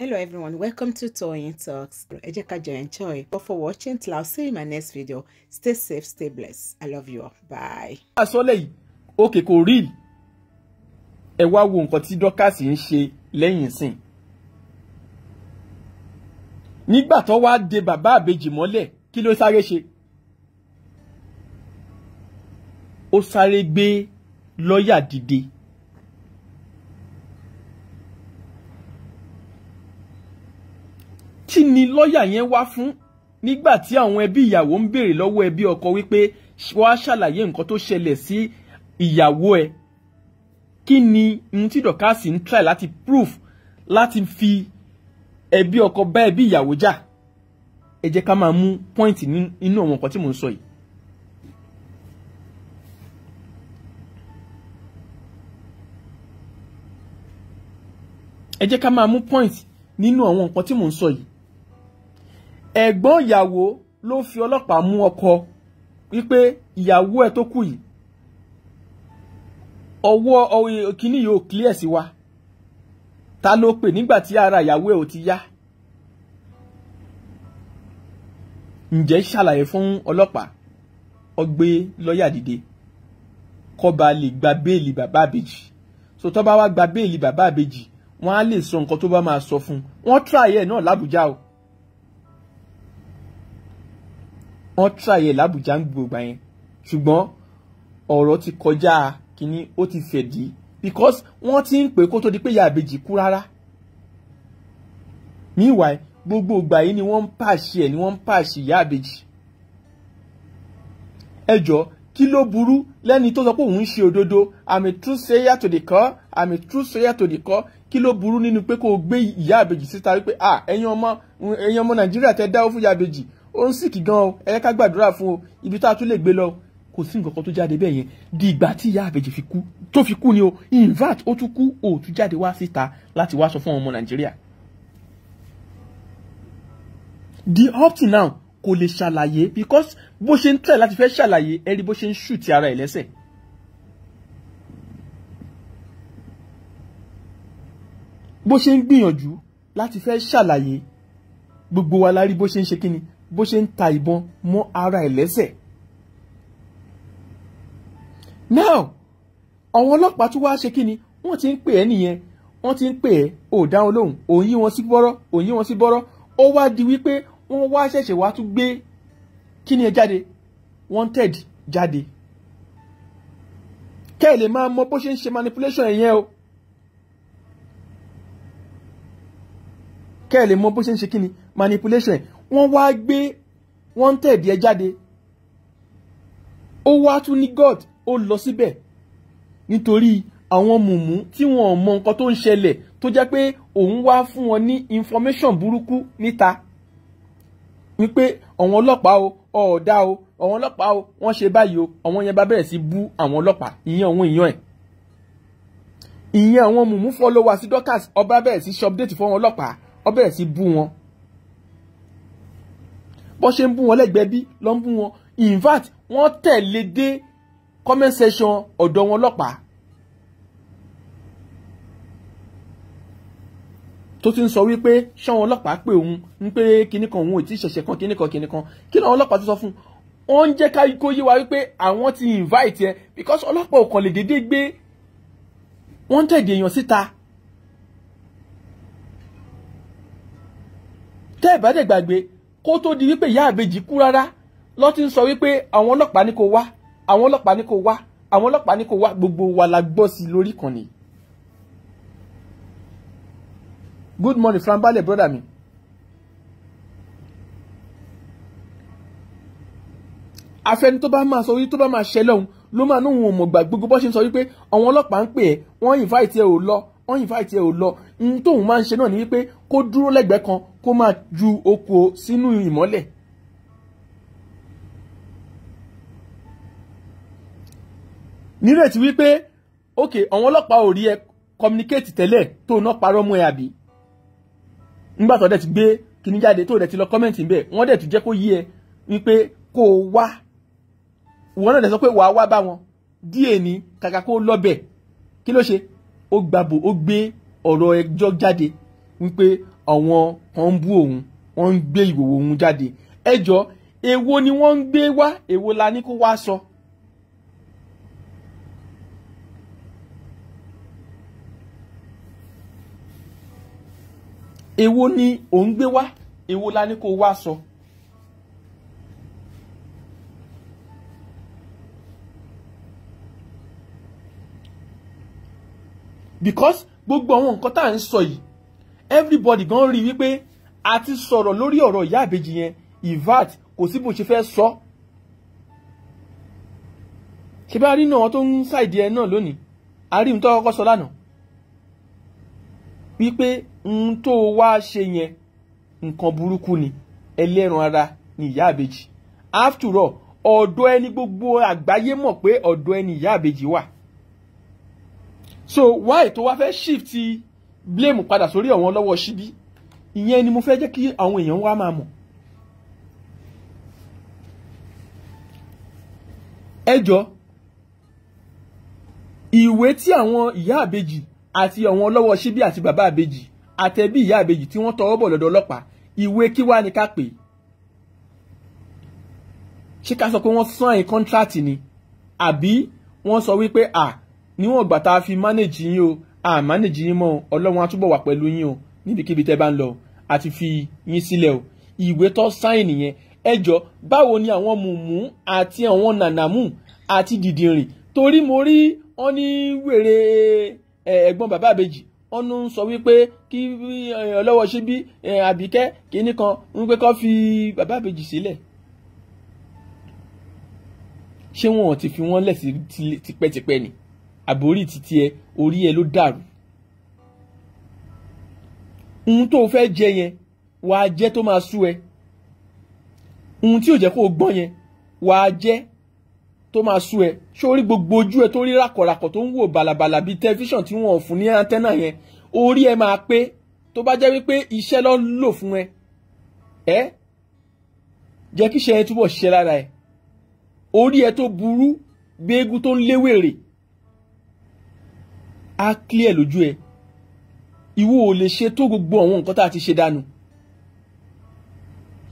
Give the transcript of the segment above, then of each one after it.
hello everyone welcome to Toyeen Talks ẹ jẹ́ ká enjoy but for watching till i'll see you in my next video stay safe stay blessed i love you all bye. àsọlẹ̀ yìí òkè kò rí ẹ wá wo nǹkan tí dọ́kàsì ń ṣe lẹ́yìn sìn nígbà tó wá de bàbá àbejì mọ́lẹ̀ kí ló sáré ṣe ó sáré gbé lọ́ọ̀yà dìde kí ni lọ́ọ̀yà yẹn wá fún nígbà tí àwọn ẹbí ìyàwó ń béèrè lọ́wọ́ ẹbí ọkọ wípé wàá ṣàlàyé nǹkan tó ṣẹlẹ̀ sí ìyàwó ẹ kí ni ohun tí dọ̀kásì ń try láti proof láti fi ẹbí ọkọ bá ẹbí ìyàwó jà ẹ jẹ́ ká máa mú pọ́ìntì nínú àwọn nǹkan tí mò ń sọ yìí. ẹ jẹ́ ká máa mú pọ́ìntì nínú àwọn nǹkan tí mò ń sọ yìí ẹ̀gbọ́n ìyàwó ló fi ọlọ́pàá mú ọkọ wípé ìyàwó ẹ̀ tó kù yìí ọwọ́ kínní yìí ò clear sí wa ta ló pè nígbà tí ara ìyàwó ẹ̀ ò ti yá ǹjẹ́ ṣàlàyé fún ọlọ́pàá ọgbé lọ́ọ̀yà dìde kọba lè gba béèlì bàbá àbèjì so tó bá wá gba béèlì bàbá àbèjì wọ́n á lè sọ nǹkan tó bá máa sọ fún un wọ́n náà lábújá o. wọ́n tráyè làbújá ń gbogbo yẹn ṣùgbọ́n ọ̀rọ̀ ti kọjá kínní ó ti fẹ̀dí because wọ́n ti ń pè kó tó di pé ìyá kú rárá meanwhile gbogbo ìgbà yìí ni wọ́n ń pàṣẹ ẹ̀ ni wọ́n ń pàṣẹ ìyá àbèjì ẹ jọ̀ọ́ kí ló burú lẹ́ni tó sọ pé òun ń ṣe òdodo I'm a true sayer to the core I'm a true sayer to kí ló burú nínú pé kó o gbé ìyá àbèjì síta wípé ah ẹ̀yin ọmọ ẹ̀yin ọmọ Nàìjíríà tẹ́ dáwọ́ fún ìyá àbèjì ó ń sìkì gan o ẹ ká gbàdúrà fún o ibi tá a tún lè gbé lọ kò sí nǹkan kan tó jáde bẹ́ẹ̀ yẹn di ìgbà tí ìyá àbèjì fi kú tó fi kú ni o in fact ó tún kú ó tún jáde wá síta láti wá sọ fún ọmọ nàìjíríà. di up till now kò lè ṣàlàyé because bó ṣe ń tẹ̀ láti fẹ́ ṣàlàyé ẹ rí bó ṣe ń ṣù ti ara ẹ̀ lẹ́sẹ̀. bó ṣe ń gbìyànjú láti fẹ́ ṣàlàyé gbogbo wa la rí bó ṣe ń ṣe kíni bó ṣe ń ta ìbọn mọ́ ara ẹ̀ now àwọn ọlọ́pàá tún wá ṣe kí ni wọ́n ti ń pè ẹ́ nìyẹn wọ́n ti ń pè ẹ́ ò dá wọn lóhùn òun yí wọn sí bọ́rọ́ òun yí wọn sí bọ́rọ́ ó wá di wípé wọ́n wá ṣẹ̀ṣẹ̀ wá tún gbé kí ni ẹ jáde wanted jáde kẹ́ ẹ̀ lè máa mọ bó ṣe ń ṣe manipulation ẹ̀yẹn o kẹ́ ẹ̀ lè mọ bó ṣe ń ṣe kí ni manipulation wọ́n wá gbé wọ́n tẹ̀dí ẹ jáde ó wá tún ní god ó lọ síbẹ̀ nítorí àwọn mùmú tí wọn ò mọ nǹkan tó ń ṣẹlẹ̀ tó jẹ́ pé òun wá fún wọn ní information burúkú níta wípé àwọn ọlọ́pàá o ọ̀ọ́dá o àwọn ọlọ́pàá o wọ́n ṣe báyìí o àwọn yẹn bá bẹ̀rẹ̀ sí bú àwọn ọlọ́pàá ìyẹn àwọn èèyàn ẹ̀ ìyẹn àwọn mùmú fọlọ́wà sí Dorkas ọba bẹ̀rẹ̀ sí ṣọpdéètì fún àwọn ọlọ́pàá ọbẹ̀rẹ̀ sí bú wọn bọ́ ṣe ń bú wọn lẹ́gbẹ̀ẹ́ bí ló ń bú wọn in fact wọ́n tẹ̀lé dé comment section ọ̀dọ̀ wọn ọlọ́pàá tó ti ń sọ wípé ṣáwọn ọlọ́pàá pé òun ń pé kinní kan òun ò tí ṣẹ̀ṣẹ̀ kan kinní kan kinní kan kí làwọn ọlọ́pàá tó sọ fún un ó ń jẹ́ ká kó yé wa wípé àwọn ti invite ẹ because ọlọ́pàá ò kàn lè dédé gbé wọ́n tẹ̀dé èèyàn síta. tẹ́ ẹ̀ bá dẹ̀ gbàgbé kó tó di wípé ìyá àbèjì kú rárá ló ti ń sọ wípé àwọn ọlọ́pàá ní kó wá àwọn ọlọ́pàá ní kó wá àwọn ọlọ́pàá ní kó wá gbogbo wa la gbọ́ sí lórí ìkànnì. good morning frambale brother mi. afẹ́ni tó bá máa sọ wí tó bá máa ṣẹlẹ̀ òun ló máa ní òun ò mọ̀gbà gbogbo bó ṣe ń sọ wípé àwọn ọlọ́pàá ń pè ẹ́ wọ́n invite ẹ ò lọ wọ́n invite ẹ ò lọ n tóun máa ń ṣe náà ni wípé kó dúró lẹ́gbẹ̀ẹ́ kan kó máa ju oko sínú ìmọ́lẹ̀. nírètí wípé ok àwọn ọlọ́pàá ò rí ẹ communicate tẹ́lẹ̀ tó náà parọ́ mú ẹ àbí nígbà tó dẹ̀ ti gbé kíní jáde tó dẹ̀ ti lọ comment níbẹ̀ wọ́n dẹ̀ tún jẹ́ kó yí ẹ wípé kó o wá wọ́n náà dẹ̀ sọ pé wàá wá bá wọn díẹ̀ ní kàkà kó lọ́bẹ̀ kí ló ṣe ó gbàbò ó gbé ọ̀rọ̀ ẹjọ́ jáde wípé àwọn kan ń bú òun wọ́n ń gbé ìwòwò òun jáde ẹjọ́ èwo ni wọ́n ń gbé wá èwo la ní kó wá sọ. èwo ni òun gbé wá èwo la ní kó wá sọ. So. because gbogbo àwọn nǹkan tá à ń sọ yìí everybody gan rí wípé a ti sọ̀rọ̀ lórí ọ̀rọ̀ ìyá àbèjì yẹn ivat kò sí bó ṣe fẹ́ sọ ṣe bá rí náà wọn tó ń ṣàìdí ẹ náà lónìí a rí ohun tó kọ́kọ́ sọ lánàá wípé ohun tó wá ṣe yẹn nǹkan burúkú ni ẹlẹ́ran ara ni ìyá àbèjì after all ọ̀dọ̀ ẹni gbogbo àgbáyé mọ̀ pé ọ̀dọ̀ ẹni ìyá àbèjì wà so why to wá fẹ́ shift blame padà sórí àwọn lọ́wọ́ Síbí ìyẹn ni mo fẹ́ jẹ́ kí àwọn èèyàn wá máa mọ̀ ẹ jọ̀ọ́ ìwé tí àwọn ìyá àbejì àti àwọn ọlọ́wọ́ Síbí àti bàbá àbejì àtẹ̀bí ìyá àbejì tí wọ́n tọwọ́ bọ̀ lọ́dọ̀ ọlọ́pàá ìwé kí wá ni ká pè é ṣé ká sọ pé wọ́n sign contract ni àbí so sọ wípé à níwọ̀n ìgbà tá a fi manage yín o a manage yín mọ́ ọlọ́run á túbọ̀ wà pẹ̀lú yín o níbikíbi tẹ́ bá ń lọ a ti fi yín sílẹ̀ o ìwé tó sáìn yẹn ẹjọ́ báwo ni àwọn mùmú àti àwọn nànàmù àti dìdìrìn torí mo rí wọn ní wèrè ẹ̀gbọ́n bàbá àbèjì wọn ń sọ wípé kí ọlọ́wọ́ ṣe bí àbíkẹ́ kínní kan ń pé kọ́ fi bàbá àbèjì sílẹ̀ ṣé wọn ò ti fi wọn lẹ̀ sí tipẹ́tipẹ́ ni àbí orí títí ẹ orí ẹ ló dàrú ohun tó o fẹ́ jẹ yẹn wàá jẹ tó máa sú ẹ ohun tí ò jẹ́ kó o gbọ́n yẹn wàá jẹ tó máa sú ẹ ṣé orí gbogbo ojú ẹ tó rí ràkọ̀ràkọ̀ tó ń wò bàlàbàlà bíi tẹlifíṣàn tí wọ́n fún ní antenna yẹn orí ẹ máa pé tó bá jẹ́ wípé iṣẹ́ ló ń lò fún ẹ ẹ jẹ́ kí iṣẹ́ yẹn túbọ̀ ṣiṣẹ́ lára ẹ orí ẹ tó burú bí eégún tó ń léwèrè á clear lójú ẹ ìwọ ò lè ṣe tó gbogbo àwọn nǹkan tá a ti ṣe dànù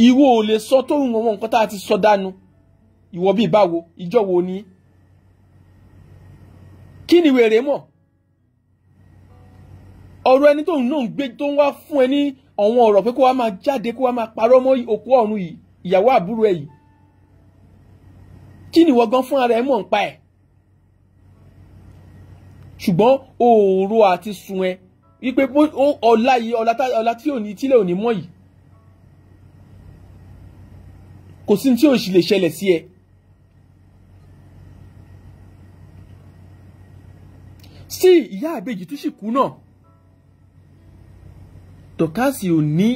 ìwọ ò lè sọ tó àwọn nǹkan tá a ti sọ dànù ìwọ bíi báwo ìjọ wo ni kí ni wèrè mọ̀ ọ̀rọ̀ ẹni tó ń náà gbé tó ń wá fún ẹ ní àwọn ọ̀rọ̀ pé kó wá máa jáde kó wá máa parọ́ mọ́ òkú ọ̀run ìyàwó àbúrò ẹ yìí kí ni ìwọ gan fún ara ẹ mọ̀ ń pa ẹ̀ ṣùgbọ́n òòrò àti sun ẹ wípé ọ̀la yìí ọ̀la tí ò ní tílẹ̀ ò ní mọ́ yìí kò sí tí ò sì lè ṣẹlẹ̀ sí ẹ. sí ìyá àbejì tún sì kú náà dọ̀kásì ò ní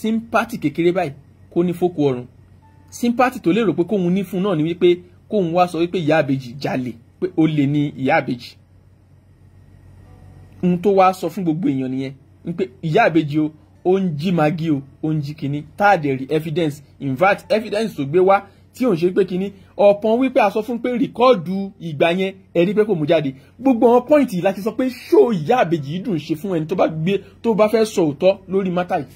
sympathy kékeré báyìí kó ní fókù ọrùn sympathy tó lérò pé kóun ní fún náà ni wípé kóun wá sọ wípé ìyá àbejì jalè pé ó lè ní ìyá àbejì ohun tó wá sọ fún gbogbo èèyàn nìyẹn ń pé ìyá àbèjì o ó ń jí magi o ó ń jí kinní táàdẹ̀ rí evidence in fact evidence tó gbé wá tí òun ṣe pé kinní ọ̀pọ̀n wípé a sọ fún pé rìkọ́ọ̀dù ìgbà yẹn ẹ̀rí pé kò mú jáde gbogbo àwọn pọ́ìntì láti sọ pé ṣó ìyá àbèjì yìí dùn ṣe fún ẹni tó bá gbé tó bá fẹ́ sọ òótọ́ lórí mátà yìí.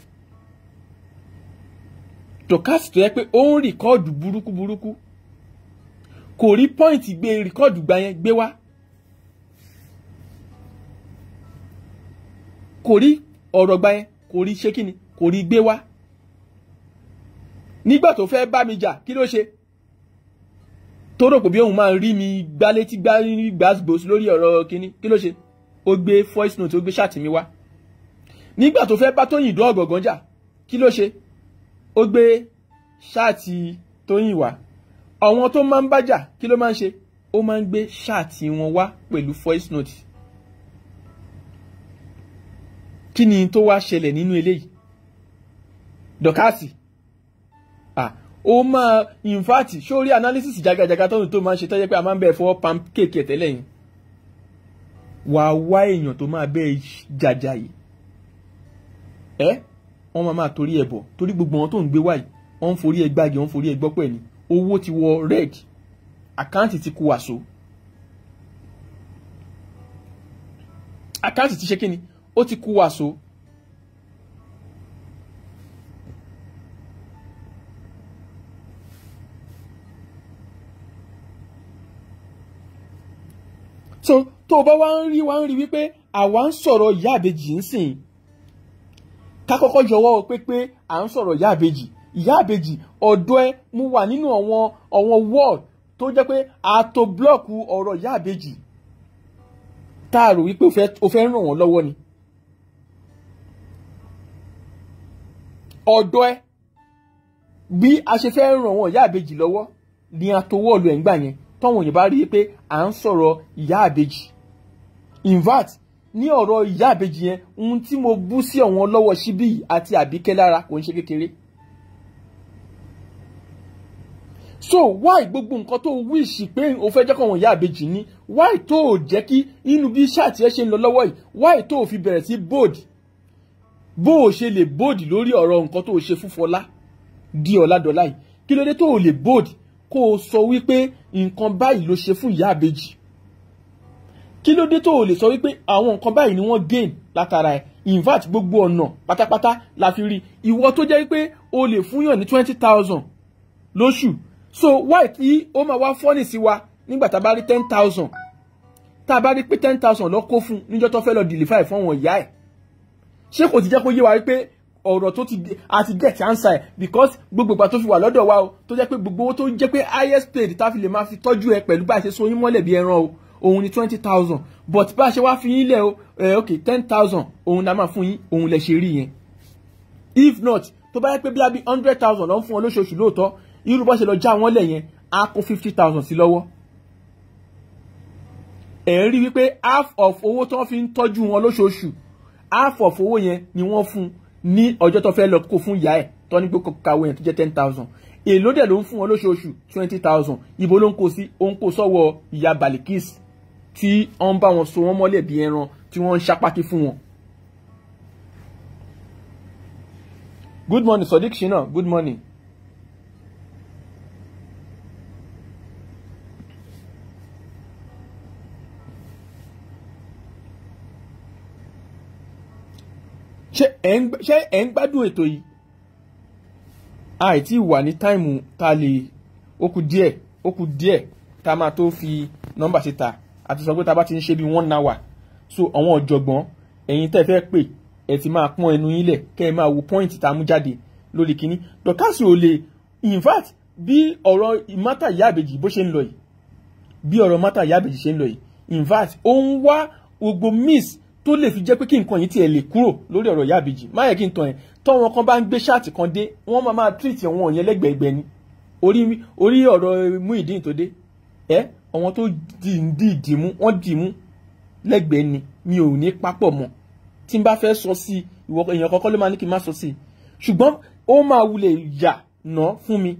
tòkásì tó yẹ pé ó ń rìkọ́ọ̀dù burúkú burúkú kò rí pọ́ìntì gbé rìkọ́ọ̀dù gbà yẹn gbé wá kò rí ọ̀rọ̀ gba yẹn kò rí ṣé kíni kò rí gbé wá nígbà tó fẹ́ bá mi jà kí ló ṣe tó rò pé bí òun máa rí mi gbá létí gbá gbàgbós lórí ọ̀rọ̀ kíní kí ló ṣe ó gbé voice note ó gbé ṣáàtì mi wá nígbà tó fẹ́ bá Tóyìn dán ọ̀gọ̀gán jà kí ló ṣe ó gbé ṣáàtì Tóyìn wá àwọn tó máa ń bá jà kí ló máa ń ṣe ó máa ń gbé ṣáàtì wọn wá pẹ̀lú voice note kí ni tó wá ṣẹlẹ̀ nínú eléyìí dọ̀kásì ah ó máa in fact sórí analysis jagajaga tóun tó máa ń ṣe tọ́jú pé a máa ń bẹ̀ fọwọ́ pam kéèké tẹ́lẹ̀ yìí wàá wá èèyàn tó máa bẹ́ẹ̀ jàjà yìí ẹ́ wọ́n máa máa torí ẹ̀ bọ̀ torí gbogbo wọn tó ń gbé wáyìí wọ́n ń forí ẹ gbági wọ́n ń forí ẹ gbọ́pọ̀ ẹ̀ ni owó ti wọ red àkáǹtì ti kú wàsó àkáǹtì ti ṣe kí ni ó ti kú wàsó. so tó o bá wá ń rí wá ń rí wípé àwa ń sọ̀rọ̀ ìyá àbèjì ń sìn ká kọ́kọ́ yọwọ́ pé pé à ń sọ̀rọ̀ ìyá àbèjì ìyá àbèjì ọ̀dọ́ ẹ mo wà nínú àwọn àwọn ward tó jẹ́ pé ààtò blọ́ọ̀kù ọ̀rọ̀ ìyá àbèjì tá a rò wípé o fẹ́ ràn wọ́n lọ́wọ́ ni. ọ̀dọ̀ ẹ bí a ṣe fẹ́ ràn wọ́n ìyá àbejì lọ́wọ́ ni a tó wọ́ọ̀lù ẹ̀ ń gbà yẹn tọ́wọ̀n òyìnbá rí i pé à ń sọ̀rọ̀ ìyá àbejì in fact ní ọ̀rọ̀ ìyá àbejì yẹn ohun tí mo bú sí ọ̀wọ́n lọ́wọ́ síbí àti àbíkẹ́ lára kò ń ṣe kékeré. so why gbogbo nǹkan tó wíṣì pé o fẹ́ jẹ́ kọ́wọn ìyá àbejì ni why tó o jẹ́ kí inú bí ṣáàtì ẹ ṣe ń lọ lọ́wọ́ yìí why tó o fi bẹ̀rẹ̀ sí bold bó o ṣe lè bóòdì lórí ọ̀rọ̀ nǹkan tó o ṣe fún Fọlá di Ọládọlá yìí kí ló dé tó o lè bóòdì kó o sọ wípé nǹkan báyìí ló ṣe fún ìyá àbèjì kí ló dé tó o lè sọ wípé àwọn nǹkan báyìí ni wọ́n gain látara ẹ̀ in gbogbo ọ̀nà pátápátá la fi rí ìwọ tó jẹ́ wípé o lè fúnyàn ní twenty thousand lóṣù so why tí ó máa wá fọ́nì sí wa nígbà tá a bá rí ten thousand tá a bá rí pé ten thousand lọ kó fún níjọ́ tó fẹ́ lọ dìlífà ẹ̀ fún àwọn ìyá ẹ̀ ṣé kò ti jẹ́ kó yé wa wípé ọ̀rọ̀ tó ti àti get answer because gbogbo ìgbà tó fi wà lọ́dọ̀ wa o tó jẹ́ pé gbogbo owó tó jẹ́ pé highest paid tá a fi lè máa fi tọ́jú ẹ pẹ̀lú bá a ṣe so yín mọ́lẹ̀ bí ẹran o òun ni twenty thousand but bá a ṣe wá fi yín lẹ̀ o ẹ ok ten thousand òun la máa fún yín òun lẹ̀ ṣe rí yẹn if not tó bá yẹ pé bíi hundred thousand ló ń fún ọ lóṣooṣù lóòótọ́ irú bó ṣe lọ já wọn lẹ̀ yẹn á kó fifty thousand sí lọ́wọ́ ẹ̀ rí wípé half of owó tó ń fi ń tọ́jú wọn lóṣooṣù àfọ̀ fowó yẹn ni wọ́n fún ní ọjọ́ tó fẹ́ lọ kó fún ìyá ẹ̀ tó ní pé kó kàwé yẹn tó jẹ́ ten thousand èló dẹ̀ ló ń fún wọn lóṣooṣù twenty thousand ibo ló ń kó sí ó ń kó sọ́wọ́ ìyá Balikis tí ó ń bá wọn so wọ́n mọ́lẹ̀ bí ẹran tí wọ́n ń ṣapákí fún wọn. good morning Sodiq Shina good morning. ṣé ẹ̀ ń gbádùn ètò yìí àìtí wà ní táìmù tá a lè ó kù díẹ̀ ó kù díẹ̀ tá a máa tó fi nọ́mbà síta àti sọ pé tá a bá ti ń ṣe bí one hour so àwọn ọ̀jọ̀gbọ́n ẹ̀yin tẹ́ fẹ́ pè ẹ̀ ti máa pọ́n ẹnu yín lẹ̀ kẹ́ ẹ máa wo pọ́ìntì tá mú jáde lórí kínní dọ̀kásì ò lè in fact bí ọ̀rọ̀ mátà ìyá àbèjì bó ṣe ń lọ yìí bí ọ̀rọ̀ mátà ìyá àbèjì ṣe ń lọ yìí in fact ó ń wá gbogbo miss tó lè fi jẹ́ pé kí nǹkan yìí tiẹ̀ lè kúrò lórí ọ̀rọ̀ ìyá àbèjì má yẹ kí n tàn yẹn tọ́wọn kan bá ń gbé ṣáàtì kan dé wọ́n máa máa treat wọn yẹn lẹ́gbẹ̀ẹ́gbẹ́ ni orí orí ọ̀rọ̀ Muyideen tó dé ẹ àwọn tó dì ń dì dìmú wọ́n dìmú lẹ́gbẹ̀ẹ́ ni mi ò ní papọ̀ mọ́ tí n bá fẹ́ sọ sí ìwọ èèyàn kọ́kọ́ ló máa ní kí n má sọ sí ṣùgbọ́n ó máa wulẹ̀ yà ná fún mi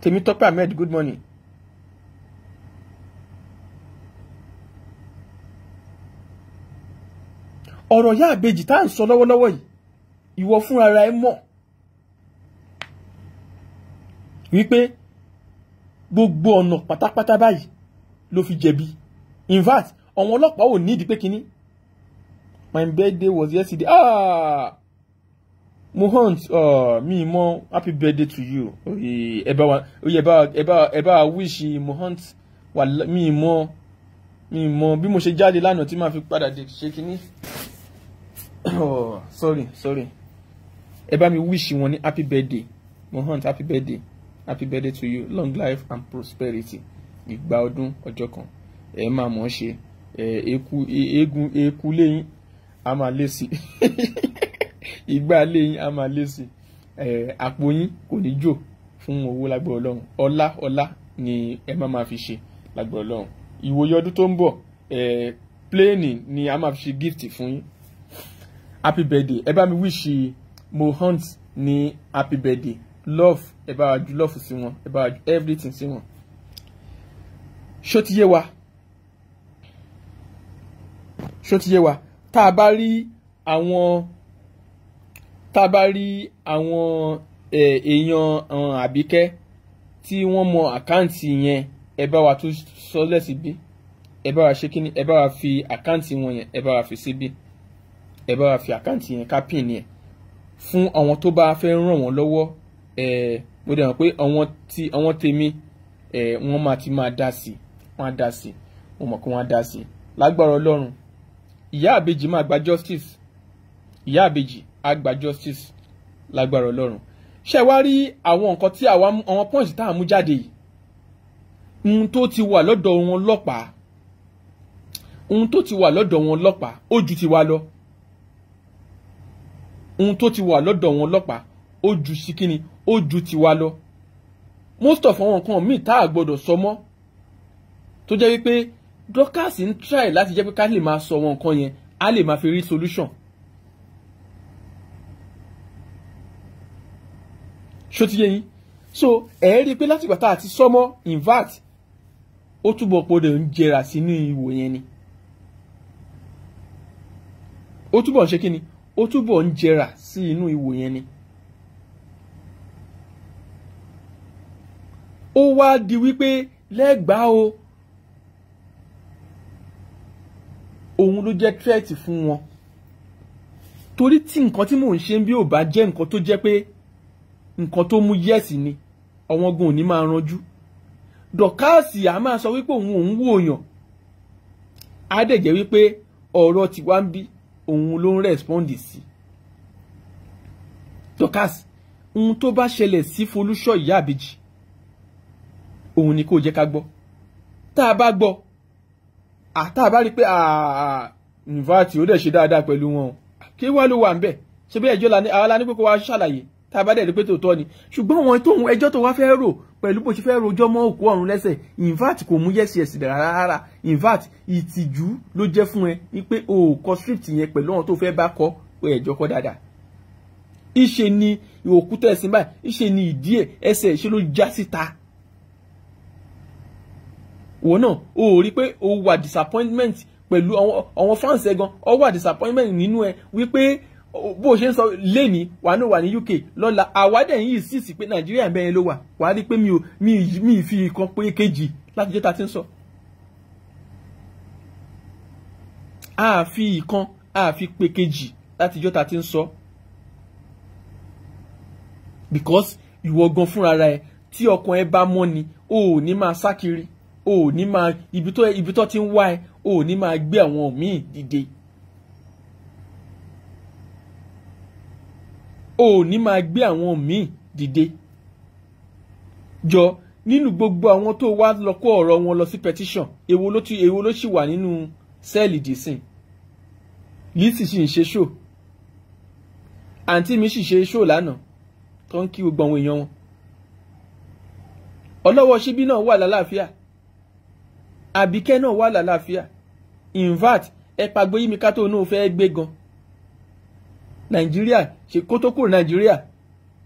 Tèmítọ́pẹ́ Ahmed good morning. ọ̀rọ̀ yá àbejì tá à ń sọ lọ́wọ́lọ́wọ́ yìí ìwọ fúnra ara ẹ mọ̀ wípé gbogbo ọ̀nà pátápátá báyìí ló fi jẹ̀bi in fact àwọn ọlọ́pàá ò nídìí pé kínní my birthday was yesterday ah mohant uh, mi mọ happy birthday to you ẹ bá wa ẹ bá ẹ bá wish mohant mi mọ mi mọ bí mo ṣe jáde lánàá tí màá fi padà dé ṣe kínní oh sorry sorry ẹ bá mi wíṣì wọn ní happy birthday mohant happy birthday happy birthday to you long life and prosperity ìgbà ọdún ọjọ́ kan ẹ máa mọ̀ ọ́ ṣe eegun eeku lẹ́yìn a máa lé sí ìgbà lẹ́yìn a máa lé sí àpò yín kò ní jò fún owó lágbọ́ ọlọ́run ọlá ọlá ni ẹ máa máa fi ṣe lágbọ́ ọlọ́run ìwòye ọdún tó ń bọ̀ pléènì ni a máa fi ṣe gift fún yín happy birthday ẹ bá mi wíṣì mo hunt ní happy birthday love ẹ bá wa ju love sí wọn ẹ bá wa ju everything sí wọn ṣó ti yé wa ṣó ti yé wa tá a bá rí àwọn tá a bá rí àwọn èèyàn àwọn àbíkẹ́ tí wọ́n mọ àkáǹtì yẹn ẹ bá wa tún sọ lẹ́sìn bí ẹ bá wa ṣe kí ni ẹ bá wa fi àkáǹtì wọn yẹn ẹ bá wa fi síbí. Si ẹ bá wa fi àkáǹtì yẹn ká pin yẹn fún àwọn tó bá fẹ́ ràn wọ́n lọ́wọ́ ẹ mo dẹ̀ mọ̀ pé àwọn tí àwọn tèmi ẹ wọ́n máa ti máa dá sí wọ́n á dá sí mo mọ̀ pé wọ́n á dá sí lágbára ọlọ́run ìyá àbèjì máa gba justice ìyá àbèjì á gba justice lágbára ọlọ́run ṣé wá rí àwọn nǹkan tí àwọn pọ́ǹsì tá à ń mú jáde yìí ohun tó ti wà lọ́dọ̀ wọn lọ́pàá ohun tó ti wà lọ́dọ̀ wọn lọ́pàá ó ju tiwa lọ ohun tó ti wà lọ́dọ̀ wọn ọlọ́pàá ó ju síkíní ó ju tiwa lọ most of àwọn nǹkan míì tá a gbọ́dọ̀ sọ mọ́ tó jẹ́ wípé Dorcas ń try láti jẹ́ pé ká lè máa sọ wọn nǹkan yẹn á lè máa fi rí solution. ṣó ti yé yín so ẹ rí i pé látìgbà tá a ti sọ mọ́ invert ó túbọ̀ pọ̀dọ̀ ń jẹrà sínú ìwò yẹn ni ó túbọ̀ ń ṣe kí ni ó túbọ̀ ń jẹrà sí inú ihò yẹn ni. ó wá di wípé lẹ́gbàá o òun ló jẹ́ tírẹ̀tì fún wọn torí tí nǹkan tí mò ń ṣe bí ò bá jẹ́ nǹkan tó jẹ́ pé nǹkan tó mú yẹ́sì ni àwọn gan ò ní máa ranjú dọ̀káàsì a máa sọ wípé òun òun wò yàn á dẹ̀ jẹ́ wípé ọ̀rọ̀ tiwa ń bí òun ló ń rẹ́spọ́ndì sí Dorkas ohun tó bá ṣẹlẹ̀ sí Folúṣọ́ ìyá àbèjì òun ni kò jẹ́ ká gbọ́ tá a bá gbọ́ àtá a bá rí i pé nvati ó dẹ̀ ṣe dáadáa pẹ̀lú wọn kí wá ló wà ń bẹ̀ ṣé bí ẹjọ́ àwa la ní pé kó wá ṣàlàyé tá a bá dẹ̀ rí pé tòótọ́ ni ṣùgbọ́n wọn tó ń ẹjọ́ tó wá fẹ́ rò pẹ̀lú bó ṣe fẹ́ rojọ́ mọ́ òkú ọ̀run lẹ́sẹ̀ in fact kò mú yẹ̀sì ẹ̀sì rárá in fact ìtìjú ló jẹ́ fún ẹ wípé o ò kọ script yẹn pẹ̀lú àwọn tó fẹ́ bá kọ ẹ̀jọ́ kọ dáadáa ìṣe ni òkúta ẹ̀sìn báyìí ìṣe ni ìdí ẹ̀ ẹsẹ̀ ìṣe ló já síta wò náà o ò rí o wà disappointment pẹ̀lú àwọn fans ẹ gan ọ wà disappointment nínú ẹ wípé bó o ṣe ń sọ lẹ́ni wà ní wà ní UK lọ́la àwádẹ́ yìí sì sí pé Nàìjíríà ń bẹ́ẹ̀ ló wà wà á rí i pé mi ò mi ì fi kan pé kejì láti jẹ́ ta ti ń sọ. a fi ìkan a fi pé kejì láti jọ́ ta ti ń sọ. because ìwọ gan fúnra rẹ tí ọkàn ẹ bá mọ́ ni o ò ní máa sá kiri o ò ní máa ibi tó ti ń wá ẹ o ò ní máa gbé àwọn míì dìde. ò ní máa gbé àwọn míì dìde jọ nínú gbogbo àwọn tó wá lọ kó ọ̀rọ̀ wọn lọ sí petition èwo ló ti èwo ló sì wà nínú sẹ́ẹ̀lì dìsìn yìí sì sì ń ṣe ṣò àǹtí mi sì ṣe ṣò lánàá tó ń kí gbogbo àwọn èèyàn wọn ọlọ́wọ́ ṣíbí náà wà lálàáfíà àbíkẹ́ náà wà lálàáfíà in fact ẹ pàgbé yìí mi ká tó náà fẹ́ gbé gan-an nàìjíríà ṣe kó tó kúrò nàìjíríà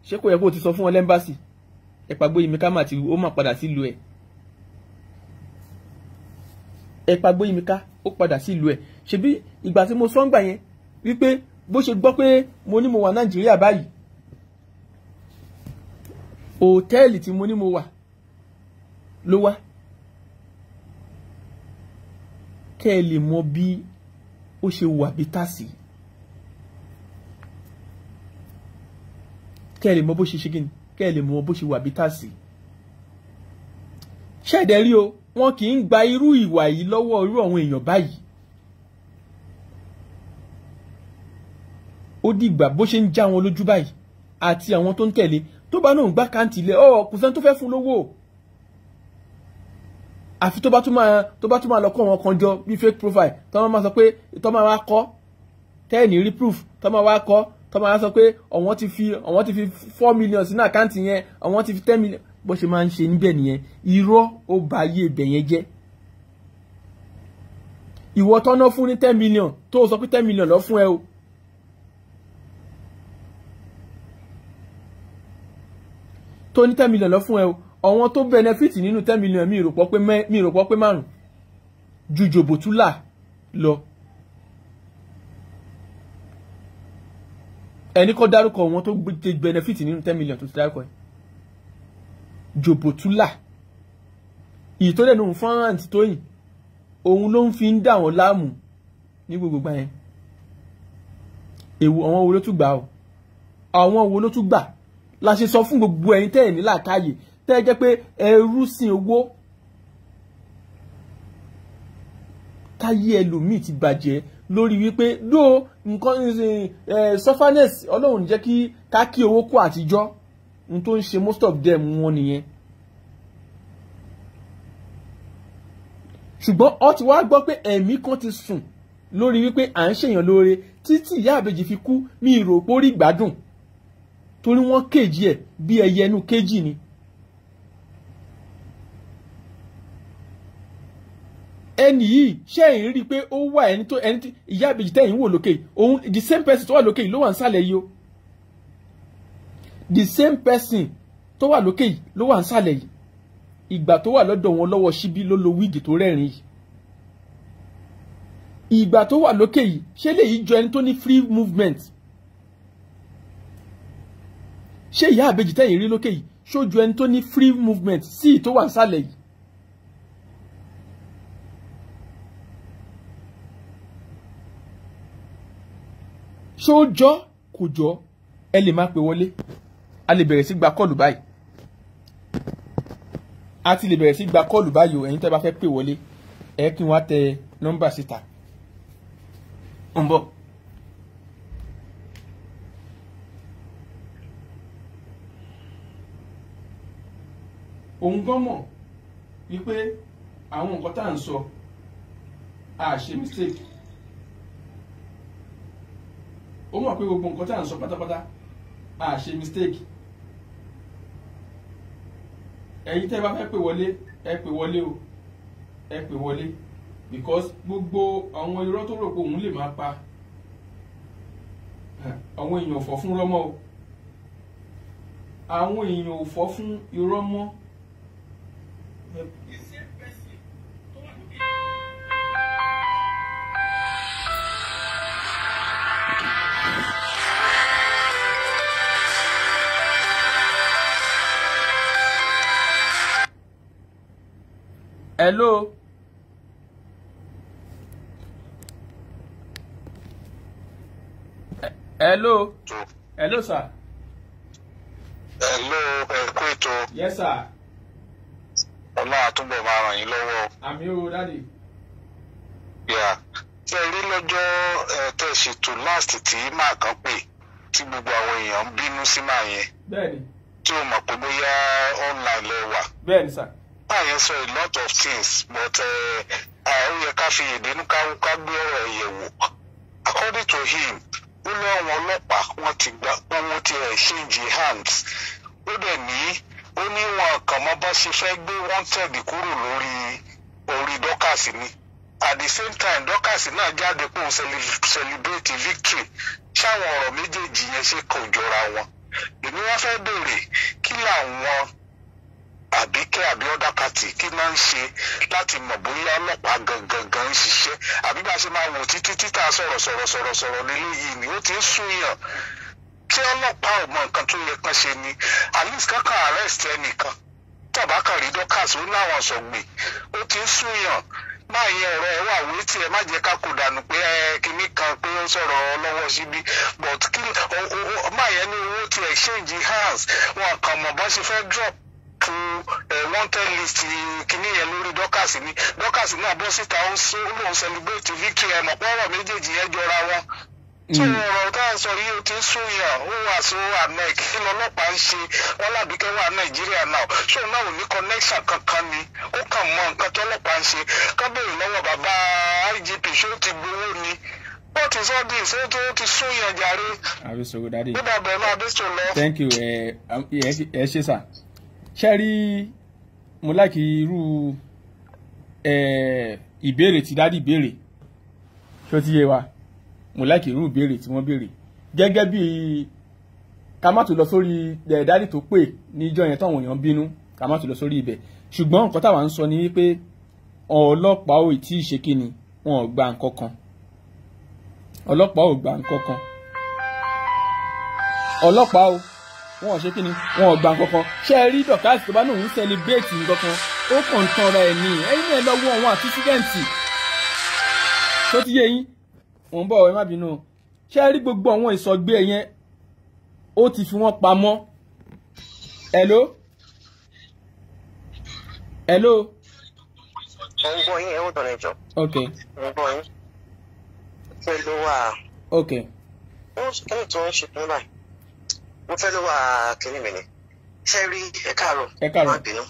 ṣé kò yẹ kó o ti sọ fún wọn lẹ́mbàsì ẹ pàgbé yìí mi ká máa ti ó máa padà sílùú ẹ̀ ẹ pàgbé yìí mi ká ó padà sílùú ẹ̀ ṣebí ìgbà tí mo sọ́ngbà yẹn wípé bó ṣe gbọ́ pé mo ní mo wà nàìjíríà báyìí òtẹ́ẹ̀lì tí mo ní mo wà ló wá kẹ́ ẹ lè mọ bí ó ṣe wà bí tàsí. kẹ́ ẹ lè mọ bó ṣe ṣe kí ni kẹ́ ẹ lè mọ bó ṣe wà bí tàsí. ṣẹ̀dẹ̀ rí o wọn kì í gba irú ìwà yìí lọ́wọ́ irú àwọn èèyàn báyìí. ó dìgbà bó ṣe ń já wọn lójú báyìí àti àwọn tó ń tẹ̀lé tó bá náà ń gbá káǹtì lẹ̀ ọ̀ kò sẹ́ni tó fẹ́ fún lówó àfi tó bá tún máa tó bá tún máa lọ kó àwọn kan jọ bí fake profile tó máa sọ pé tó máa wá kọ́ tẹ́ẹ̀nì rí proof tó máa wá kọ́ tó máa sọ pé ọ̀wọ́n ti fi ọ̀wọ́n ti fi four million sínú àkáǹtì yẹn ọ̀wọ́n ti fi ten million bó ṣe máa ń ṣe níbẹ̀ nìyẹn irọ́ ó ba ayé ibẹ̀ yẹn jẹ́ ìwọ tọ́nà fún ní ten million tó o sọ pé ten million lọ fún ẹ o. tó ní ten million lọ fún ẹ o àwọn tó benefit nínú ten million mi ìròpọ̀ pé márùn-ún ju jòbótúlà lọ. ẹni kọ́ dárúkọ wọn tó gbé benefit nínú ten million tó ti dárúkọ yẹn jòbótúlà ìtọ́lẹ̀ nù fọ́nrán àti tóyìn òun ló ń fi ń dà wọ́n láàmú ní gbogbo gbà yẹn èwo àwọn wo ló tún gbà o àwọn wo ló tún gbà la ṣe sọ fún gbogbo ẹ̀yin tẹ́ ẹ̀ ní làákàyè tẹ́ ẹ jẹ́ pé ẹrú sin owó táyé ẹlòmíì ti bàjẹ́ lórí wípé do. nǹkan eh, sufferance ọlọ́run jẹ́ kí ká kí owó kú àtijọ́ n tó ń ṣe most of them wọn nìyẹn. ṣùgbọ́n ọ ti wá gbọ́ pé ẹ̀mí kan ti sùn lórí wípé à ń ṣèyàn lóore títí ìyá àbèjì fi kú mi ìrò pórí ìgbádùn torí wọ́n kéjì ẹ̀ bí ẹyẹ inú kéjì ni. ẹni yìí ṣé ẹ̀yin rí i pé ó wà ẹni tó ẹni ìyá ìbejì tẹ̀yìn wò lókè òun the same person tó wà lókè yìí ló wà nísàlẹ̀ yìí o the same person tó wà lókè yìí ló wà nísàlẹ̀ yìí ìgbà tó wà lọ́dọ̀ wọn lọ́wọ́ síbí ló lo wíìgì tó rẹ́rìn yìí ìgbà tó wà lókè yìí ṣé lèyí jọ ẹni tó ní free movement ṣé ìyá ìbejì tẹ̀yìn rí lókè yìí ṣó jọ ẹni tó ní free movement sí ì tó wà nísàlẹ̀ yìí so jọ kò jọ ẹ lè má pè wọlé a lè bẹ̀rẹ̀ sí gba kọ́ọ̀lù báyìí a ti lè bẹ̀rẹ̀ sí gba kọ́ọ̀lù báyìí o ẹ̀yin tẹ́ bá fẹ́ pè wọlé ẹ kí wọ́n á tẹ nọ́mbà síta ń bọ̀. òun gan mọ̀ wípé àwọn nǹkan tá à ń sọ a ó mọ̀ pé gbogbo nǹkan tí à ń sọ pátápátá à ṣe mistake ẹ̀yin tẹ́ ẹ bá fẹ́ pè wọlé ẹ pè wọlé o ẹ pè wọlé because gbogbo àwọn irọ́ tó rò pé òun lè máa pa àwọn èèyàn ò fọ́ fún rọ́mọ́ o àwọn èèyàn ò fún irọ́ mọ́. hello. hello. hello sir. hello ẹ̀kú yes sir. ọlá àtúbọ̀ máa ràn yín lọ́wọ́. àmì o dáàdì. yà tẹ rí lọ́jọ́ tẹ ṣètò last tí màá kan pè tí gbogbo àwọn èèyàn ń bínú sí màá yẹn. bẹ́ẹ̀ni. tí o mọ̀ pé bóyá online lẹ wà. bẹ́ẹ̀ni sir. báyẹn sọ a lot of things but ó yẹ ká fi ìbínú ká ká gbé ọ̀rọ̀ yẹ̀wò according to him nínú ní àwọn ọlọ́pàá wọ́n ti gbà pé wọ́n ti exchange hands ó dẹ̀ ní ó ní wọn kàn mọ́ bá ṣe fẹ́ gbé wanted kúrò lórí orí dọ́kàsì ni at the same time dọ́kàsì náà jáde pé òun celebrate victory ṣáwọn ọ̀rọ̀ méjèèjì yẹn ṣe kò jọra wọn èmi wọn fẹ bèrè kí làwọn. Àbíkẹ́ àbí pàtì kí náà ń ṣe láti mọ̀ bóyá ọlọ́pàá gangan ń ṣiṣẹ́ àbí bá ṣe máa wò títí títà sọ̀rọ̀ sọ̀rọ̀ sọ̀rọ̀ sọ̀rọ̀ nílé yìí ni ó ti ń súnyàn tí ọlọ́pàá ò mọ nǹkan tó ṣe ni alice kankan arrest ẹnìkan tàbákàrí dorcas ó láwọn sọ̀gbìn ó ti ń súnyàn máa yẹ ọ̀rọ̀ ẹ̀ wà wí tí má jẹ́ ká kó dànù pé ẹ kìíní kan pé ó sọ̀rọ̀ but kí máa yẹ ní owó ti exchange hands wọn kàn mọ̀ bá drop to eh, wanted list kìíní yẹn lórí dọ́kàsì ni dọ́kàsì náà bọ́ síta ó sí ó lòun celebrate victory ẹ̀ mọ̀ pọ́nrọ̀ méjèèjì yẹn jọra wọn. tí mm. ọ̀rọ̀ tá a sọ yìí ó ti ń súnyàn ó wà sí ó wà náà kí lọ́lọ́pàá ń ṣe wọn wà nàìjíríà náà ṣé òun náà ò ní connection kankan ni ó kàn mọ nǹkan tí ọlọ́pàá ń ṣe kábèrè lọ́wọ́ bàbá IGP ṣé ó ti gbowó ni ó ti sọ di ṣé tó ti súnyàn jàre. àbísọ̀rọ̀ dáadé. ó dàbẹ̀ náà àbísọ̀rọ̀. thank you eh, um, ẹ ṣe sà ṣe mo láìkí irú ìbéèrè tí dádì béèrè ṣó ti yé wa mo láìkí irú ìbéèrè tí wọ́n béèrè gẹ́gẹ́ bí ká má tún lọ sórí dádì tó pè níjọ́ yẹn táwọn èèyàn bínú ká má tún lọ sórí ibẹ̀ ṣùgbọ́n nǹkan táwa ń sọ ni wípé ọlọ́pàá ò tí ì ṣe kí ni wọn ò gba nǹkan kan ọlọ́pàá ò gba nǹkan kan ọlọ́pàá ò wọn ò ṣe kí ni wọn ò gbà kankan ṣé ẹ rí Dorkas tó bá náà ń sẹlẹbírẹ́tì nǹkan ó kàn ń tanra ẹ̀ ní ẹ̀yìn náà lọ́wọ́ àwọn àti sídẹ̀ǹtì tó ti yé yín mò ń bọ̀ ẹ má bínú ṣé ẹ rí gbogbo àwọn ìsọgbé yẹn ó ti fi wọ́n pamọ́ hello hello. mo ń gbọ́ yín ẹ̀ ó tọ̀nà ẹ̀jọ̀. ok. mo ń gbọ́ yín. kí ló wà. ó ń ṣe kí tí wọ́n ń ṣe fún báyìí mo fẹ́ ló wà kíní mi ni ṣe rí ẹ káàárọ̀ ẹ káàárọ̀ má bínú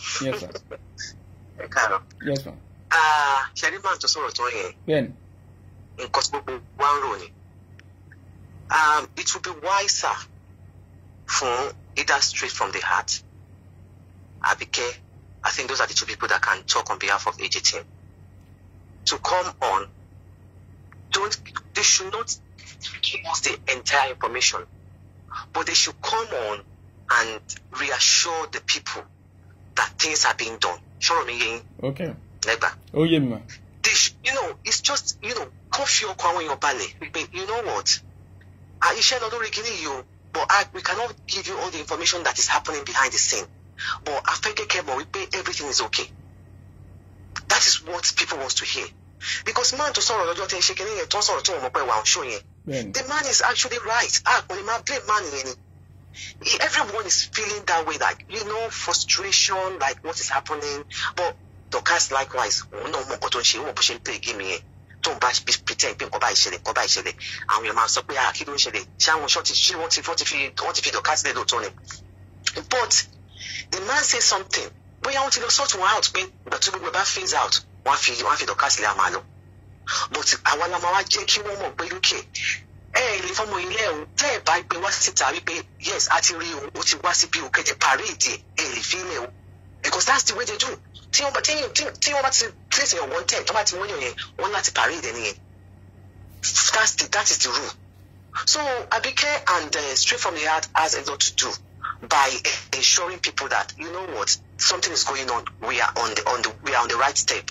ẹ káàárọ̀ ṣe rí màá tó sọ̀rọ̀ tó yẹn nǹkan tó gbogbo wa ń rò ni it will be wiser fún either straight from the heart Abike I think those are the two people that can talk on behalf of AGTN to come on don't they should not give us the entire information. But they should come on and reassure the people that things are being done. Ṣọ́rọ̀ mi Okay. Never. Oh yeah, ma. This, you know, it's just, you know, kàn fi ọkàn àwọn èèyàn balẹ̀ you know what? I share lórí kìíní you, but I, we cannot give you all the information that is happening behind the scene. But afẹ́kẹ́kẹ́ mọ̀ wípé everything is okay. That is what people want to hear because man to sọ̀rọ̀ lọ́jọ́ tí ń ṣe kinní yẹn tó ń sọ̀rọ̀ tí wọ́n mọ̀ pé wà ṣó yẹn the man is actually right àpò ah, ni máa blame man yẹn ni everyone is feeling that way like you know frustration like what is happening but dorcas likewise òun náà mọ̀ nǹkan tó ń ṣe òun bó ṣe ń play game yẹn tó ń bá pretend pé nǹkan bá ìṣẹ̀lẹ̀ nǹkan bá ìṣẹ̀lẹ̀ àwọn èèyàn máa sọ pé ah kí ló ń ṣẹlẹ̀ ṣé àwọn ṣọ́ọ̀tì ṣé wọ́n ti wọ́n ti fi wọ́n ti fi dorcas lẹ̀ lóòótọ́ ni but the man say something bóyá wọ́n ti lọ sort one out pé ìgbà tó gbogbo bá phase out wọ́n fi wọ́n fi dọ̀kà sílẹ̀ àmà but àwa la máa jẹ́ kí wọ́n mọ̀ pé lókè ẹ ẹ lè fọmọ ilé ẹ o tẹ ẹ bá gbé wá síta wípé yes a ti rí o o ti wá síbi o kẹjẹ parade ẹ lè fi ilẹ̀ o because that's the way they do tí wọ́n bá tí tí wọ́n bá ti trace your one ten tí wọ́n bá ti wọ́n yàn yẹn wọ́n láti parade nìyẹn that's the that is the rule so Abike and uh, straight from the heart has a lot to do by ensuring people that you know what something is going on we are on the on the we are on the right step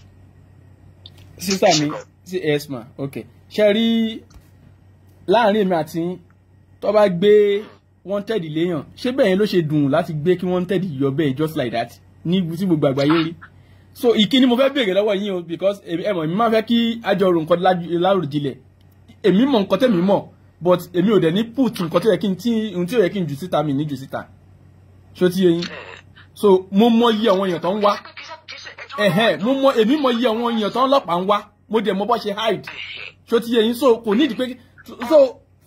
sísá mi yes ma ok ṣe rí láàrin èmi àti tó bá gbé wanted léèyàn ṣé bẹ́ẹ̀ yẹn ló ṣe dùn láti gbé kí wanted yọ bẹ́ẹ̀ just like that ní tí gbogbo àgbáyé rí so ìkíni mo fẹ́ béèrè lọ́wọ́ yín o because ẹ èmi máa fẹ́ kí àjọrò nǹkan láròjinlẹ̀ èmi mọ̀ nǹkan tẹ̀mí mọ̀ but èmi ò dẹ̀ ní put nǹkan tó yẹ kí n tí ohun tí ò yẹ kí n jù síta mi ní jù síta ṣó ti yé yín hmm. so mo mọ àwọn èèyàn tó ń wá ẹ̀hẹ́n mo mọ èmi mọ iye àwọn èèyàn tán ọlọ́pàá ń wá mo dẹ̀ mọ bọ́ ṣe hide ṣó ti yẹ yín so kò nídìí pé so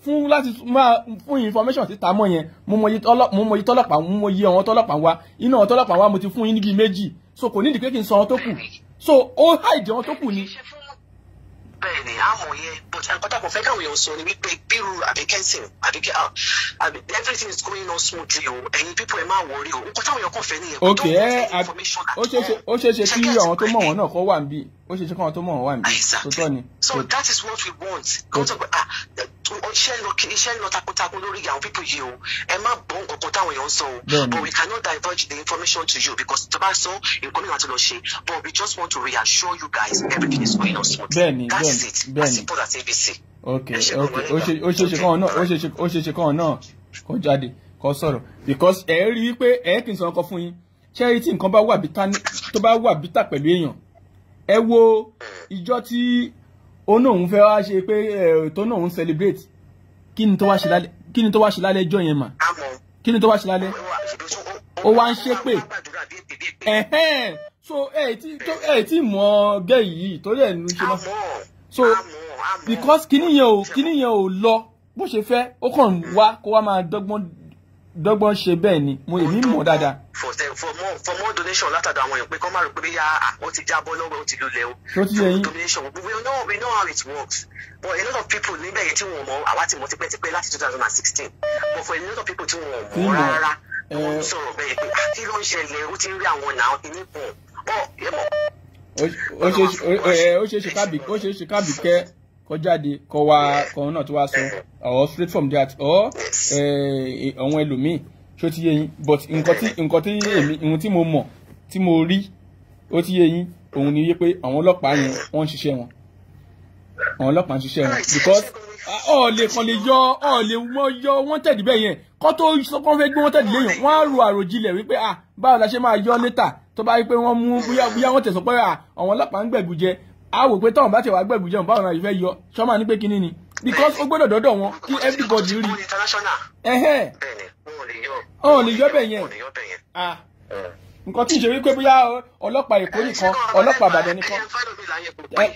fún láti máa fún information síta mọ́ yẹn mo mọ iye tọ́lọ́pàá mo mọ iye àwọn tọ́lọ́pàá wa iná àwọn tọ́lọ́pàá wa mo ti fún yín níbi méjì so kò nídìí pé kí n sọ àwọn tó kù so ó hide àwọn tó kù ni bẹ́ẹ̀ ni but nǹkan tó kàn káwọn èèyàn sọ ni wípé bírú àbíkẹ́sìn àbíkẹ́ àbí ah, everything is going on smoothly o ẹ̀yin people ẹ̀ máa wọrí o nǹkan táwọn èèyàn kàn fẹ́ nìyẹn. ok ẹ eh, ó ṣeé ṣe kí àwọn tó mọ̀ wọ́n náà kọ́ wà níbí ó ṣe ṣe kàn tó mọ̀ wá níbi tó tọ́ ni. so that is what we want. kò sọ pé ah iṣẹ́ lọ iṣẹ́ lọ takuntakun lórí àwọn pípọ̀ yìí o ẹ má bọ́ nǹkan táwọn èèyàn ń sọ o but we cannot divulge the information to you because tó bá sọ nǹkan mìíràn tó lọ ṣe but we just want to reassure you guys everything is going on smooth. bẹ́ẹ̀ni bẹ́ẹ̀ni bẹ́ẹ̀ni as simple as abc. ok ok ó ṣe ṣe kàn náà ó ṣe ṣe kàn náà kó jáde kó sọ̀rọ̀ because ẹ rí i pé ẹ kì í sọ ọkọ fún yín ṣé ẹ rí tí nǹkan bá wà bíta pẹ̀lú èèyàn ẹ wo hmm. ìjọ tí onóhun fẹ́ wá ṣe pé tónóhun celebrate kí ni tó wá ṣe lálẹ́ ẹjọ́ yẹn mà kí ni tó wá ṣe lálẹ́ ó wá ń ṣépè ẹ̀hẹ́n so ẹ̀ tí mọ̀ gẹ́ yìí torí ẹ̀ ń ṣe máa so because kíní yẹn ò kíní yẹn ò lọ bó ṣe fẹ́ ó kàn wá kó wá máa dọ́gbọ́n dọ́gbọ́n ṣe bẹ́ẹ̀ ni mo èmi mọ̀ dáadáa. for more for more donation látàdọ̀ àwọn èèyàn pé kọ́ máa rò pé bí ó ti jábọ́ lọ́wọ́ ó ti lulẹ̀ o. tó ti yẹ yín donation we know we know how it works but a lot of people níbẹ̀ yẹn tí wọ́n mọ̀ àwa ti mọ̀ tipẹ́tipẹ́ láti two thousand and sixteen but for a lot of people tí wọ́n mọ̀ rárá wọ́n eh, sọ̀rọ̀ bẹ́ẹ̀ pé ah, kí ló ń ṣẹlẹ̀ ó ti ń rí àwọn náà ìní kan bọ́ọ̀ yẹ mọ̀. ó ṣeé ṣe eh, kábìkẹ́ kọ jáde kọ wá kan náà tó wá sọ or straight from that or eh, àwọn ẹlòmíì ṣó ti yé yín but nǹkan tí nǹkan tí èmi ohun tí mo mọ̀ tí mo rí ó ti yé yín òun ni wípé àwọn ọlọ́pàá yẹn wọ́n ń ṣiṣẹ́ wọn àwọn ọlọ́pàá ń ṣiṣẹ́ wọn because ọ̀ọ́lẹ̀ kan lè yọ ọ̀ọ́lẹ̀ wọn yọ wọ́n tẹ̀lé bẹ́ẹ̀ yẹn kọ́ tó sọ pé wọ́n fẹ́ gbé wọ́n tẹ̀lé léèyàn wọ́n á ro àròjinlẹ̀ wípé ah báwo la ṣe máa yọ létà tó bá rí pé wọ́n mú bóyá wọ́n tẹ̀sán pé àwọn ọlọ́pàá ń gbẹ̀gùjẹ á wò pé tọ́hún bá ti wà gbẹ̀gùn jẹun báwọn àyè fẹ́ yọ sọ́mà ní pé kínní ni because ó gbọ́dọ̀ dọ́dọ̀ wọn kí everybody rí ẹ̀hẹ́ ọ̀hún lè yọ bẹ̀ yẹn nǹkan tí ìṣe wípé bóyá ọlọ́pàá èkó nìkan ọlọ́pàá àbàdàn nìkan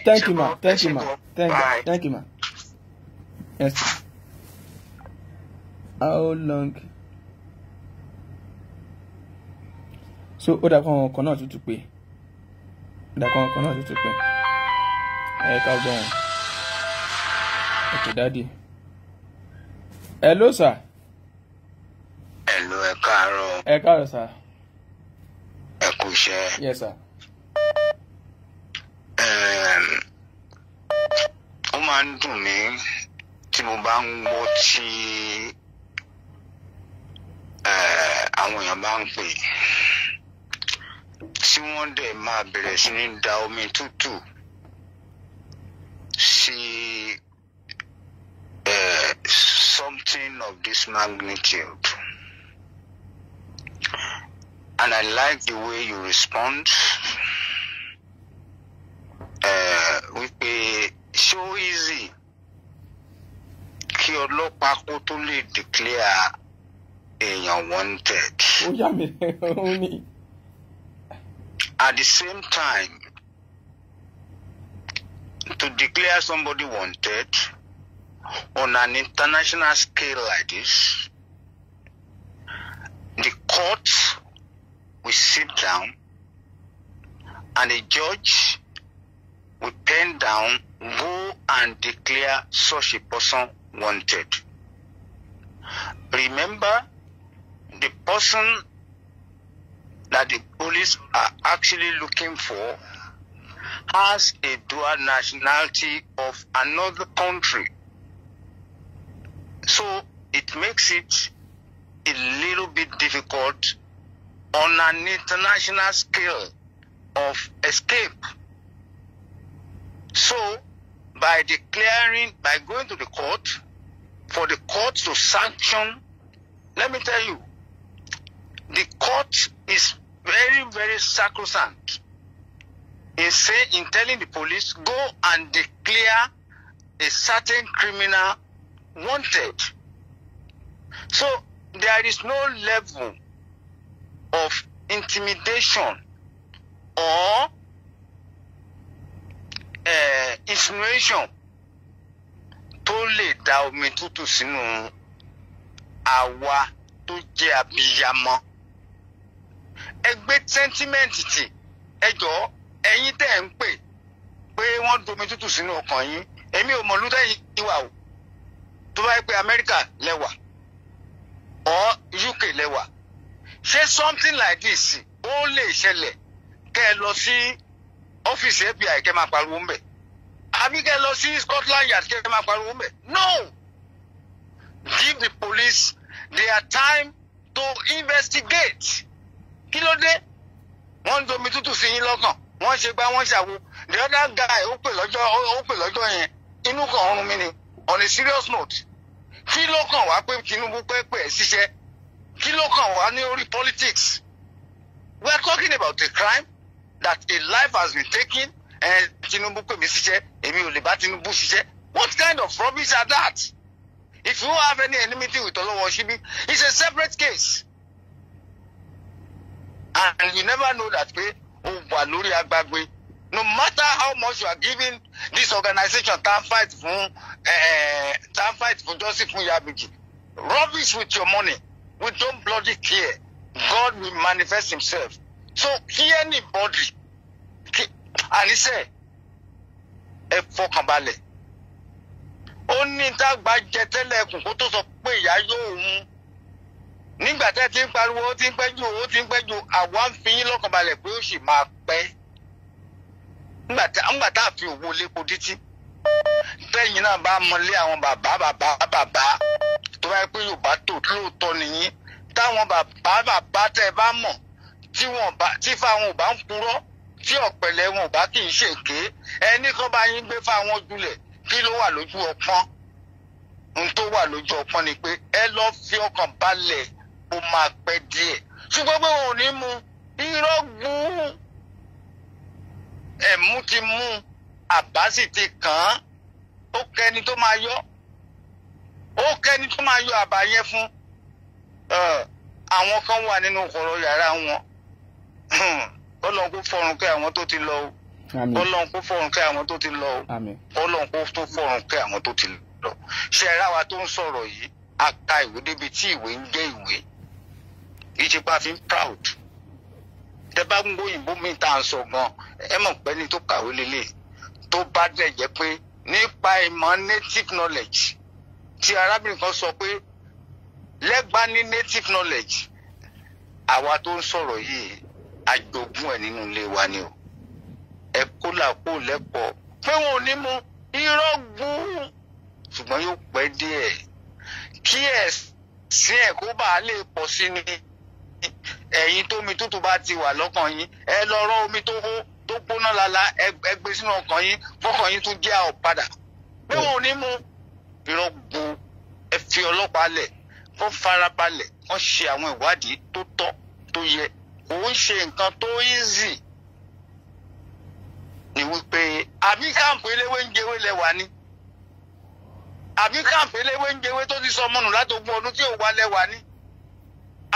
thank you ma thank you ma thank you thank you ma yes how long so ó dàpọ̀ àwọn ọkọ̀ náà tuntun pé dàpọ̀ àwọn ọkọ̀ náà tuntun pé ẹ ká gbọ́n okay daddy. hello sir. hello ẹ káàárọ̀. ẹ káàárọ̀ sir. ẹ kú iṣẹ́. yes sir. ó máa ń dùn mí tí mo bá ń gbọ́ tí àwọn èèyàn bá ń pè tí wọ́n dẹ̀ máa bẹ̀rẹ̀ sí ní da omi tútù see uh, something of this magnitude. And I like the way you respond. Uh, a so easy kí ọlọ́pàá kó tó lè declare èèyàn wanted. At the same time to declare somebody wanted on an international scale like this, the court will sit down and a judge will pen down who and declare such a person wanted. Remember, the person that the police are actually looking for has a dual nationality of another country. So it makes it a little bit difficult on an international scale of escape. So by declaring, by going to the court, for the court to sanction, let me tell you, the court is very, very sacrosanct In saying in telling the police go and declare a certain criminal wanted. So there is no level of intimidation or uh, insinuation tó lè da omi tútù sínú àwa tó jẹ́ abiyamọ ẹgbẹ́ sentiment ti ẹjọ́ ẹ̀yin tẹ́ ẹ̀ ń pè pé wọ́n domi tútù sínú ọkàn yín èmi ò mọ̀lú tẹ́yìn wà o tó bá yẹ pé Amẹ́ríkà lẹ́wà or UK lẹ́wà ṣé something like this ó lè ṣẹlẹ̀ kẹ́ ẹ lọ sí ọ́fíìsì FBI kẹ́ máa pariwo ń bẹ̀ àbí kẹ́ ẹ lọ sí Scotland Yard kẹ́ máa pariwo ń bẹ̀ no give the police their time to investigate kí ló dé wọ́n ń domi tútù sí yín lọ́kàn wọ́n ṣe gbá wọ́n ṣàwo the other guy ó pè lọ́jọ́ ó pè lọ́jọ́ yẹn inú kan ọrùn mi ni on a serious note kí ló kàn wá pé Tinubu pẹ́ pẹ́ ṣiṣẹ́ kí ló kàn wá ní orí politics we are talking about the crime that a life has been taken Tinubu pè mí ṣiṣẹ́ èmi ò lè bá Tinubu ṣiṣẹ́ what kind of rubbish are that if you have any enmity with Olowo Shibi it's a separate case and you never know that pé. Okay, ó wà lórí agbágbé no matter how much you are giving this organization tan fight fún eh, tan eh, fight fún justice fún Iyabiji rubbish with your money we don't bloody care God will manifest himself so kí anybody kí àníṣe ẹ fọkàn balẹ̀ ó ní tá a gba jẹ tẹ́lẹ̀ ẹkùn kó tó sọ pé ìyá yóò mú nígbà tẹ́ ti ń pariwo ó ti ń pẹ́jù ó ti ń pẹ́jù àwa ń fi yín lọ́kàn balẹ̀ pé ó sì máa pẹ́ nígbà tá a fi òwò lépo títí tẹ́yìn náà bá mọlé àwọn bàbá bàbá bàbá tó bá yẹ pé Yorùbá tó lóòótọ́ nìyí táwọn bàbá bàbá tẹ́ bá mọ̀ tí wọn bá tí fáwọn ò bá ń purọ́ tí ọ̀pẹ̀lẹ̀ wọn ò bá kì í ṣèké ẹni kan bá yín gbé fáwọn jùlẹ̀ kí ló wà lójú ọpọ́n n tó wà lójú ọpọ́n ni pé ẹ lọ́ọ́ fi ọkàn balẹ̀ ó máa pẹ́ díẹ̀ ṣùgbọ́n pé òun ò ní mu irọ́ gbùn ẹ̀mú ti mú àbá sì ti kàn án ó kẹ́ni tó máa yọ ó kẹ́ni tó máa yọ àbá yẹn fún àwọn kan wà nínú kọ̀rọ̀ yàrá wọn ọlọ́run kó kẹ́ àwọn tó ti lọ o ọlọ́run kó fọ̀run kẹ́ àwọn tó ti lọ o ọlọ́run kó tó fọ̀run kẹ́ àwọn tó ti lọ ṣe wa tó ń sọ̀rọ̀ yìí a ka ìwé débi tí ìwé ń jẹ́ ìwé kì í ṣe pé a fi ń proud tẹ bá ń gbóyìnbó mi tá à ń sọ gan ẹ mọ̀ pé ní tó kàwé lélẹ̀ tó bá dẹ̀ jẹ́ pé nípa ìmọ̀ native knowledge tí arábìnrin kan sọ pé lẹ́gbàá ní native knowledge àwa tó ń sọ̀rọ̀ yìí àjogún ẹ̀ nínú ilé wa ni o ẹ kó làkó lẹ́kọ̀ọ́ pé wọn ò ní mú irọ́ gún ṣùgbọ́n yóò pẹ́ díẹ̀ kí ẹ̀ sí ẹ̀ kó bàa lè pọ̀ sí ni ẹ̀yin tómi tútù bá ti wà lọ́kàn yín ẹ lọ rọ omi tó hó tó gbóná lala ẹ gbé sínú ọkàn yín fọkàn yín tún jẹ́ àọ̀ padà pé wọn ò ní mú irọ́ gbu ẹ fi ọlọ́pàá lẹ̀ wọ́n farabalẹ̀ wọ́n ṣe àwọn ìwádìí tó tọ́ tó yẹ kò ń ṣe nǹkan tó easy ni wípé àbí káàmpù eléwé ń jẹwé lẹ́wà ni àbí káàmpù eléwé ń jẹwé tó ti sọ mọ́nù látògbọ́n ọdún tí ò wá lẹ́wà ni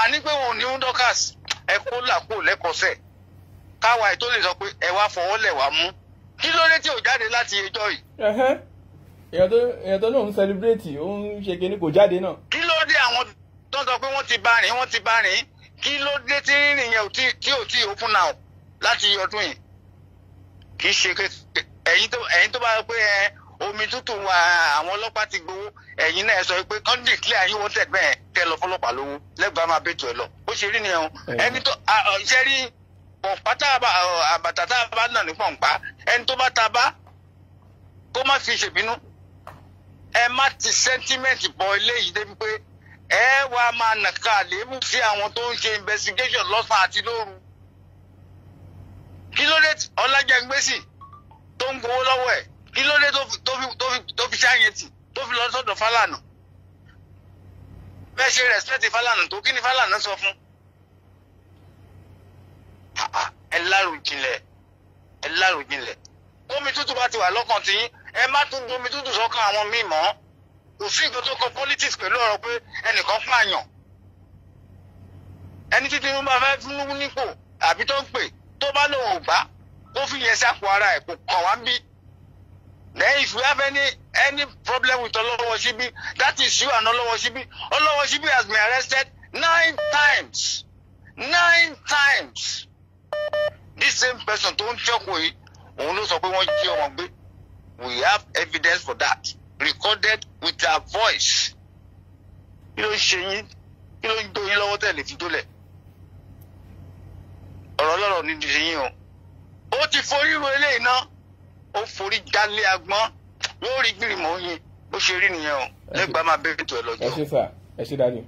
àní pé wọn ò ní Dorcas ẹ kó làkó lẹ́kọ̀ọ́sẹ̀ káwa ètò lè sọ pé ẹ wá fọwọ́ lẹ̀ wá mú kí ló dé tí ò jáde láti ẹjọ́ yìí. èèyàn tó náà ń sẹlibrétì ó ń ṣe kinní kò jáde náà. kí ló dé àwọn tó ń sọ pé wọ́n ti bá rìn wọ́n ti bá rìn kí ló dé tí rìnrìn yẹn tí ò tí ò fún náà láti ọdún yìí kì í ṣe ẹ̀yin tó bá yọ pé ẹ omi tútù wa àwọn ọlọ́pàá ti gbowó ẹ̀yin náà sọ pé kọ́ńdì kílẹ̀ ayé wọ́n tẹ̀gbẹ́ ẹ̀ tẹ́ lọ fọlọ́pàá lówó lẹ́gbàá máa bẹ̀tù ẹ̀ lọ bó ṣe rí nìyẹn o ẹni tó ṣe rí pọ̀npá tá a bá àbàtà tá a bá nà ní pọ̀npá ẹni tó bá ta bá kó má fi ṣèbínú ẹ má ti sẹ́ńtímẹ́ǹtì bọ eléyìí débi pé ẹ wá máa nàka àléébù sí àwọn tó ń ṣe investigation lọ́sàn àti lóru kí ló dé ọlájẹngbèsì tó ń gbowó lọ́wọ́ ẹ̀ kí ló dé tó fi ṣáyẹn tì tó fi lọ sọ́dọ̀ Fálànà bẹ́ẹ̀ ṣe rẹ̀spẹ́tì Fálànà tó kí ni Fálànà sọ fún ẹ láròjinlẹ̀ ẹ láròjinlẹ̀ omi tútù bá ti wà lọ́kàn tí ẹ má tún domi tútù sọ́kàn àwọn míì mọ́ kò sí nǹkan tó kọ politics pẹ̀lú ọ̀rọ̀ pé ẹnìkan pààyàn ẹni tí Tinubu bá fẹ́ fún nípò àbí tó ń pè tó bá lòun ò gbà kó fi yẹn sápò ara ẹ̀ kò kàn wá ń Then if you have any any problem with Olowoshibi, that is you and Olowoshibi. Olowoshibi has been arrested nine times. Nine times. This same person tó ń ṣọ́kùn yìí, òun ló sọ pé wọ́n jí ọmọ gbé. We have evidence for that recorded with her voice. Kí ló ń ṣe yín? Kí ló ń gbé yín lọ́wọ́ tẹ̀lé fi dólẹ̀? Ọ̀rọ̀ ọlọ́rọ̀ ni ṣe yín o. Ó ti forí ro eléyìí náà ó forí jálé agbọ́n wọ́n gbìrìmọ̀ yín bó ṣe rí nìyẹn o lẹ́gbàá máa bẹ̀rẹ̀ tó ẹ lọ́jọ́. ẹ ṣe sà ẹ ṣe dání.